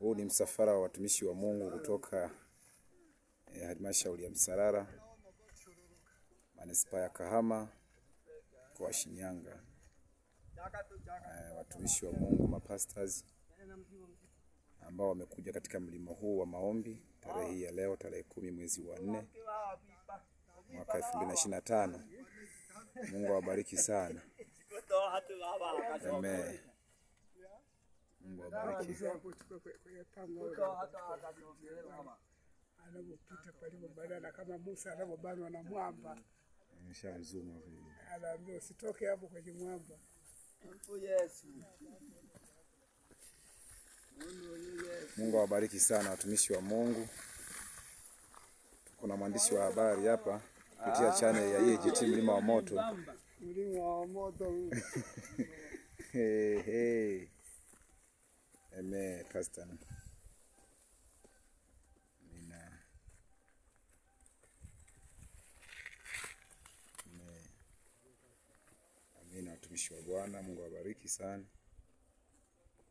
Huu ni msafara wa watumishi wa Mungu kutoka eh, halmashauri ya Msalala manispaa ya Kahama kwa Shinyanga. Eh, watumishi wa Mungu mapastors ambao wamekuja katika mlima huu wa maombi tarehe hii ya leo tarehe kumi mwezi wa nne mwaka 2025. Mungu awabariki sana. Amen anavyopita palipo badala kama Musa anavyobanwa na mwamba, eh, anaambia usitoke hapo kwenye mwamba. Mungu awabariki sana watumishi wa Mungu. Kuna mwandishi wa habari hapa kupitia ah. channel ya EAGT Mlima wa Moto, Mlima wa Moto pasta nina amina. Watumishi wa Bwana, Mungu awabariki sana.